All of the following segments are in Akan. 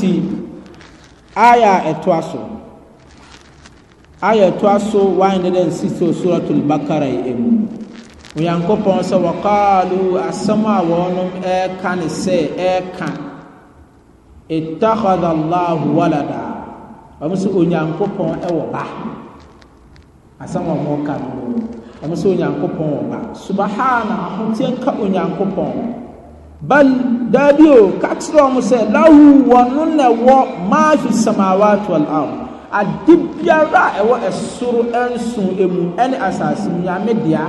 nti aya ɛto aso aya ɛto aso 160 suratul bakara yi mu onyankopɔn sɛ wɔkaalu asɛm a wɔnom ɛɛka ne sɛ ɛɛka ittakhadha allahu walada ɔmo sɛ onyankopɔn ɛwɔ ba asɛm a wɔka no ɔmo sɛ onyankopɔn wɔ ba subahana ahoteɛ nka onyankopɔn bal daabi o ka kyerɛ wɔn sɛ lahu wɔn na ɛwɔ maa fi samaawa to ɛlam ade biara a ɛwɔ ɛsoro ɛnson emu ɛne asase nyame dea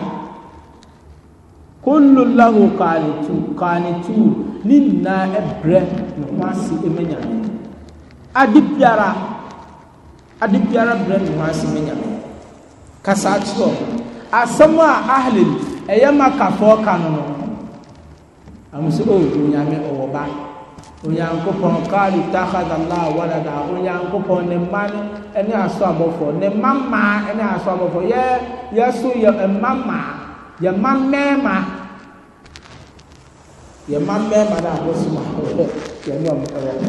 kullu lahu kaanitu kaanitu ne nyinaa ɛbrɛ ne ho ase ɛmɛ nyame ade biara ade biara brɛ ne ho ase ɛmɛ nyame kasa kyerɛ asɛm a ahlil ɛyɛ makafoɔ ka no no amusoba onyame ɔwɔ ba onyankopɔn kaali takadala walada onyankopɔn ne mma no ɛne aso abɔfo ne mma mmaa ɛne aso abɔfo yɛ yɛso yɛ e mma mmaa yɛ mma mmarima yɛ mma mmarima na abosom ahɔhwɛ yɛ ne ɔmo ɛwɔ e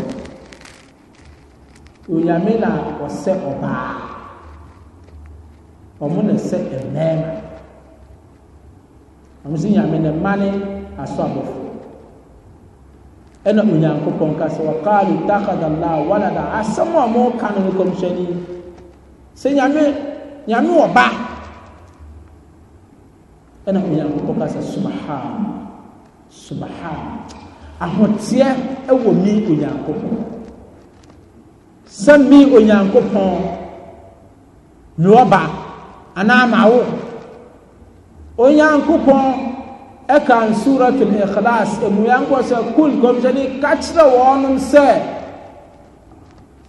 onyame na ɔsɛ ɔbaa ɔmo na sɛ mmarima ɔmo nyame ne mma ne aso abɔfo ɛna onyankopɔn ka sɛ wakaalo takadala walada asɛm a wɔreka no no kɔmhyɛni sɛ nyame nyame wɔ ba ɛna onyankopɔn ka sɛ subhan subhan ahoteɛ ɛwɔ mi onyankopɔn sɛ mi onyankopɔn me wɔ ba anaa ma wo onyankopɔn ɛkan suratul ikhlas emu yankɔ sɛ kul kɔmhyɛni kakyerɛ wɔnom sɛ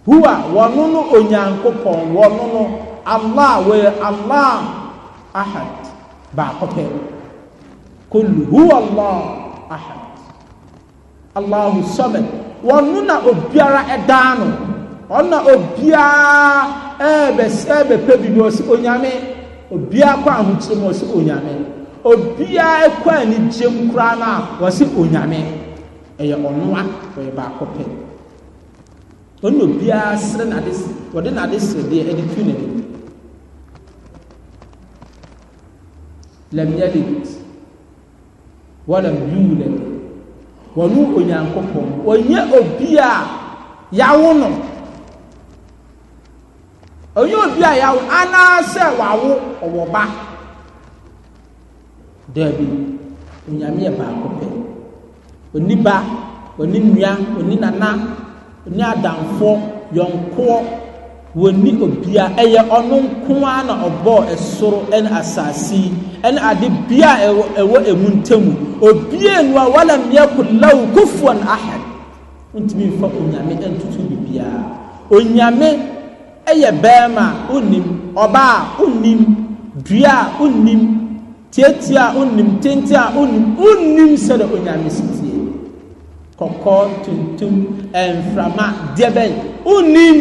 huwa wɔno no onyankopɔn wɔno no allah wɔyɛ allah ahad baako pɛ kul huwa allah ahad allahu samad wɔno na obiara ɛdaa e no na obiara ɛɛbɛ ɛɛbɛpɛ bibi ɔsi onyame obiara kɔ ahokyere mu ɔsi onyame obiara kɔ anigye mu koraa no a wɔse onyame ɛyɛ ɔnoa ɔyɛ baako pɛ ɔno obiara sere nade wɔde nade sere deɛ ɛde tu n'anim lam yalid walam yulad wɔno onyankopɔn ɔnyɛ obi a yawo no ɔnyɛ obi a yawo anaasɛ wawo ɔwɔ ba daabi onyame yɛ baako pɛ oni ba oni nua oni nana oni adamfo yɔnkoɔ wɔni obia ɛyɛ ɔno nko na ɔbɔɔ ɛsoro ɛne asase yi ɛne ade bia a ɛwɔ ɛmu ntamu obia nu a wala mmeɛko lawo kufuon ahad ntumi nfa onyame ntutu bibiara onyame ɛyɛ bɛrima onim ɔbaa onim dua onim tiatia a wonim tente a wonim wonnim sɛde onyame sitie kɔkɔɔ tuntum mframa deɛ bɛn wonnim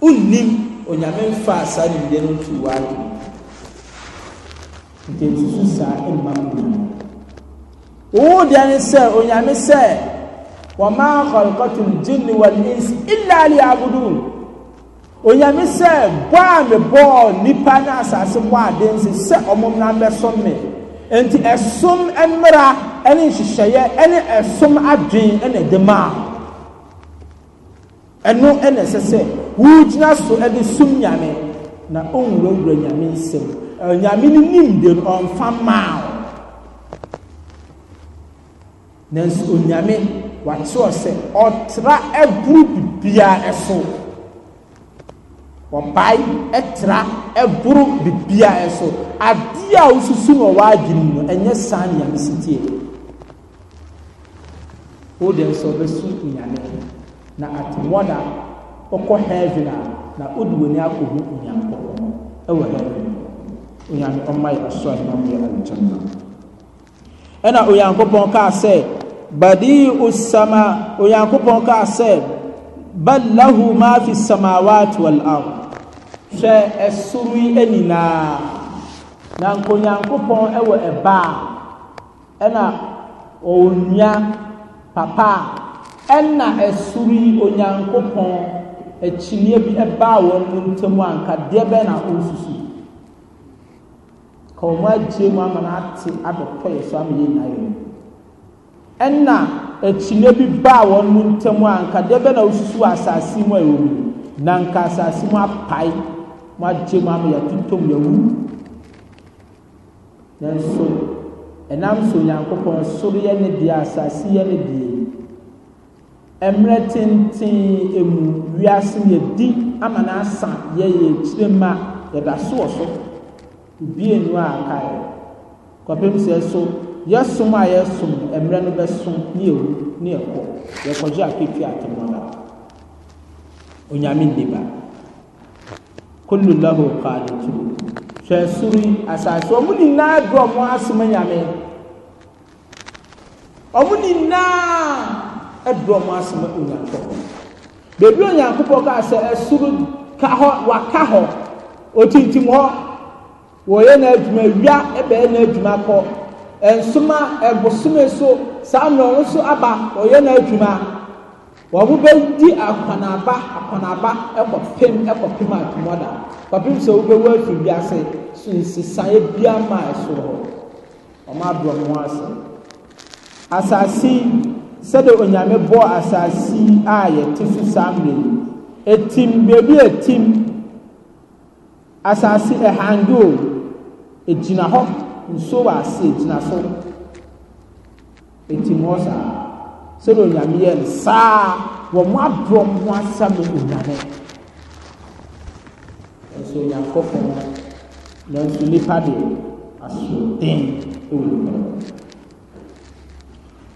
wonnim onyame mfaa saa nimdeɛ no ntu waa no nti nsusu saa mma mmom wo deɛ ne sɛ onyame sɛ wama khalqatul jinni wal insi illa liya'budun onyame sɛ bɔ a mebɔɔ nnipa ne asase bɔ aden se sɛ ɔmom na bɛsom me enti ɛsom mmara ne nhyehyɛeɛ ne ɛsom adwen na ɛde maa ɛno na ɛsɛ sɛ wogyina so de som nyame na ɔnwurawura nyame nsɛm eh, nyame no nimde no ɔmfa maa wo nanso onyame wate ɔ sɛ ɔtra aburu biribiaa ɛso ɔbae ɛtra ɛboro bibia ɛso adeɛ a wosusu no ɔwaadwene mu no ɛnyɛ saa nneame o wode nso ɔbɛsu nyame na atemɔ na ɔkɔ heaven a na wode w'ani akɔhu onyankopɔn ɛwɔ heaven onyame ɔma yɛ ɔsɔre na ɔma yɛ aljanna ɛna onyankopɔn kaa sɛ badi usama onyankopɔn kaa sɛ bal lahu ma fi samawati wal ard hwɛ ɛsoro yi nyinaa na nkonyankopɔn ɛwɔ ɛba a ɛna ɔwɔ papa a ɛna ɛsoro yi onyankopɔn akyinniɛ bi ɛbaa wɔn no ntam a nka deɛ na ɔresusu ka wɔn agyie mu ama no ate abɛtɔ yɛ so ama yɛ nyinaa yɛ ɛna akyinniɛ bi baa wɔn no ntam a nkadeɛ deɛ bɛn na ɔresusu wɔ asase mu a ɛwɔ mu na nka asase mu apae. mo akyɛ mu ama yɛatontom yɛwu nanso ɛnam so onyankopɔn soro yɛ ne deɛ asase yɛ ne deɛ mmerɛ tenten emu wiase yɛdi ama n'asa yɛyɛ akyire ma yɛda so wɔ so obie nu a kae kɔpem sɛ so yɛsom a yɛsom mmerɛ no bɛso ne ewu ne ɛkɔ yɛkɔgye aketua atemɔda onyame nniba. kullu lahu qanitun hwɛ soro yi asase ɔmo nyinaa do ɔmo asom nyame ɔmo nyinaa do ɔmo asom onyankopɔn beebi onyankopɔn kaa sɛ esuru ka hɔ waka hɔ otintim hɔ wɔyɛ n'adwuma wia ɛbɛyɛ n'adwuma kɔ nsoma ɛbosome so saa nnɔɔ nso aba wɔyɛ n'adwuma. wɔn di akɔnaba akɔnaba ɛkɔ pem ɛkɔ pem atomɔda kɔpem sɛ wobɛwu afiri bi ase so nsesaeɛ bi ama ɛsoro hɔ wɔn aboɔ wɔn ase asase sɛdeɛ onyame bɔ asase a yɛte so saa mmiri yi etim beebi etim asase ɛhange o egyina hɔ nsuo wɔ ase egyina so etim hɔ saa. sɛde onyame yɛ no saa wɔ mo aborɔ mo asa me onyame nso onyankopɔn nanso nnipa deɛ asoden ɛwɔ nipa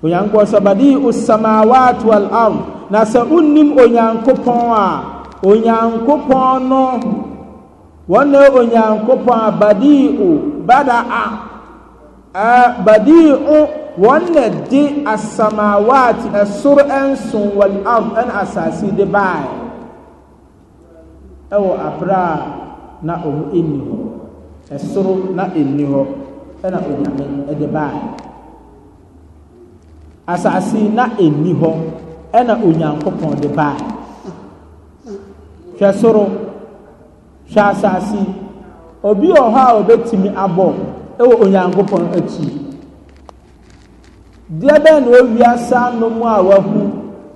onyankopɔn sɛ badii usamawat walard na sɛ wonnim onyankopɔn a onyankopɔn no wɔne onyankopɔn a badii o bada a badi o wɔn na de asamawaati ɛsoro ɛnson wɔn am ɛna asaase de baaɛ ɛwɔ abere na ɔmo ɛnni hɔ ɛsoro um na ɛnni hɔ ɛna onyame ɛde baaɛ asaase na ɛnni hɔ ɛna onyankopɔn um de baaɛ hwɛ soro hwɛ asaase obi ɔhɔ hɔ a ɔbɛtumi abɔ ɛwɔ onyankopɔn um akyi. deɛ bɛn na saa anom a wɔahu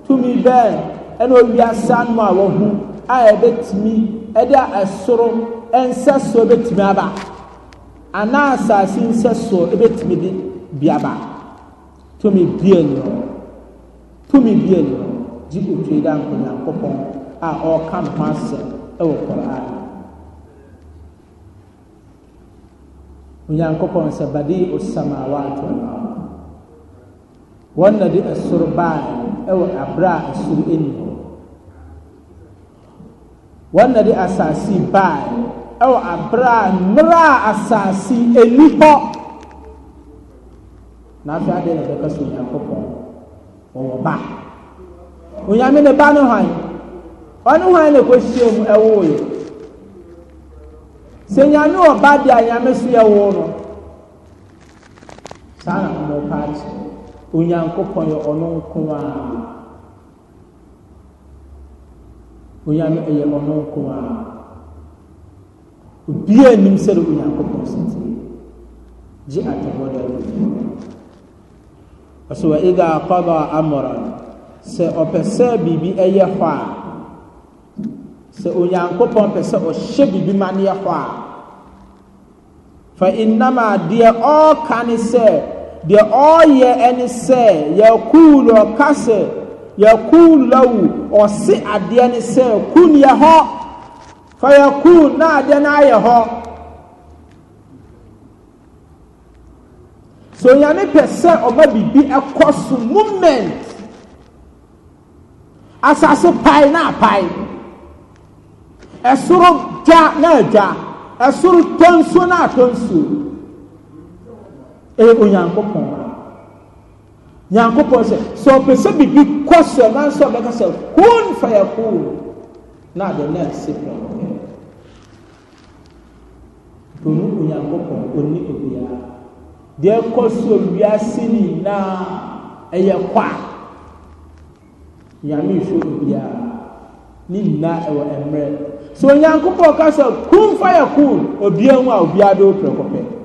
tumi bɛn ɛna saa anom a wahu a yɛbɛtumi ɛde ɛsoro nsɛsoɔ bɛtumi aba anaa so ebe ɛbɛtumi de biaba tumi bie ni tumi bie ni hɔ otwe da a ɔreka ne ho asɛm ɛwɔ kɔraa onyankopɔn sɛ bade osamawa atɔ wɔn na de ɛsoro baa ɛwɔ abere a ɛsoro ɛni wɔn na de asaase baa ɛwɔ abere a mmerɛ a asaase ɛni hɔ n'afɛ adeɛ na ɛbɛka so nyankopɔn wɔwɔ ba onyame ne ba ne hwan ɔne hwan na ɛkɔhyia mu ɛwoo yɛ sɛ nyame wɔ ba deɛ a nyame so yɛ woo no saa na ɔmo pa onyankopɔn yɛ ɔno nko a onyame ɛyɛ ɔno nko a obiaa nim sɛde onyankopɔn sete gye atɛhɔ da ɔsɛ wa ida kɔdɔ amɔra sɛ ɔpɛ sɛ biribi ɛyɛ hɔ a sɛ onyankopɔn pɛ sɛ ɔhyɛ biribi ma no yɛ hɔ a fa innama deɛ ɔɔka ne sɛ deɛ ọ ɛne sɛ yɛkuulu ɔka yɛkuulu lawu ɔse adeɛ ne sɛ kun yɛ hɔ fa yɛkuul na adeɛ no ayɛ hɔ so nyame pɛ sɛ ɔma biribi ɛkɔ so moment asase pae na apae ɛsoro dwa na ɛsoro tɔ nsuo na atɔ ɛyɛ onyankopɔn nyankopɔn sɛ sɛ ɔpɛ sɛ biribi kɔ sɛ nanso ɔbɛka sɛ kun fayakun na ade na ɛsɛ prɛkɛ ɔno onyankopɔn ɔni obiara deɛ kɔ so wiase nyinaa ɛyɛ kɔ a nyame hwɛ obiara ne nyinaa ɛwɔ mmerɛ sɛ onyankopɔn ka sɛ kun fayakun obiara e mu a obiara bɛwɔ prɛkɔpɛ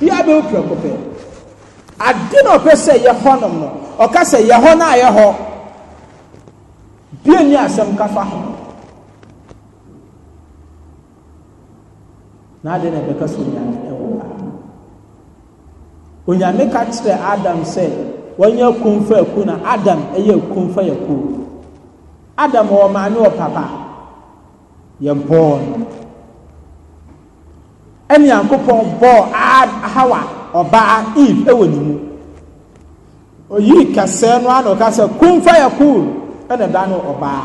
yɛ abɛwopra kɔpɛ ade na ɔpɛ sɛ yɛ hɔ nom no ɔka sɛ yɛ hɔ no a yɛ hɔ bia nni asɛm ka fa ho na ade na ɛbɛka sɛ onyame ɛwɔ ha onyame ka kyerɛ adam sɛ wɔnyɛ akum fa aku na adam ɛyɛ akum fa yakum adam wɔ maame wɔ papa yɛ bɔɔ no ɛne nyankopɔn aa. hawa ɔbaa eve ɛwɔ ne mu oyi kɛseɛ no ano kasa kumfa yɛ cool ɛna da no ɔbaa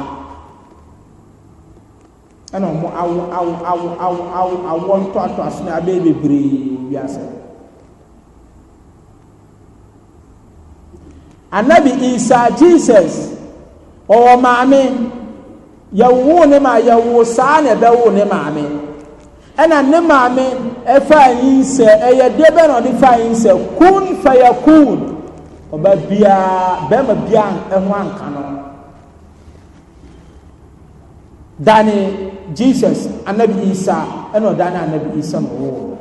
ɛna ɔmo awo awo awo awo awo awo ntoatoa so na abɛɛ bebree wiase anabi isa jesus ɔwɔ maame yɛwoo ne ma yɛwoo saa na ɛbɛwoo ne maame ɛna ne maame ɛfa yi sɛ ɛyɛ deɛ bɛ na ɔde fa yi sɛ kun fɛyɛ kun ɔba biara bɛrima biara ɛho anka no dane jesus anabi isa ɛna ɔdane anabi isa na ɔwɔ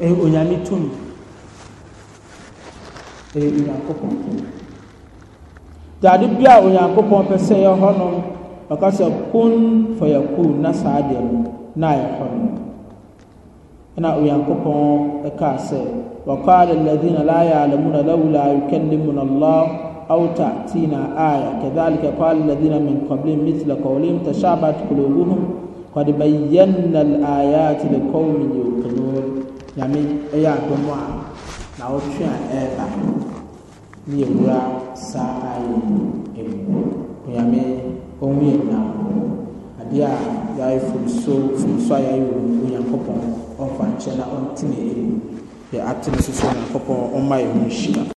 ɛyɛ onyame tum ɛyɛ onyankopɔn tum dade bia onyankopɔn pɛ sɛ ɛyɛ hɔ no ɔka sɛ kun fɛyɛ kun na saa deɛ no na ayɛ hɔnom ɛna onyankopɔn ɛkaa sɛ wakala alladina la yalamuna laula yukallimuna allah أو تأتينا آية كذلك قال الذين من قبلهم مثل قولهم تشابهت قلوبهم قد بينا الآيات لقوم يوقنون nyame ɛyɛ adom a na wɔtwe a ɛreba ne yɛwura saa ayɛ mu onyame ɔhu yɛ nyinaa adeɛ a yɛayɛ fomso fomso a yɛayɛ wɔ onyankopɔn ɔmfa nkyɛ na ɔntene ɛmu yɛ atene so so onyankopɔn ɔmma yɛ ho nhyira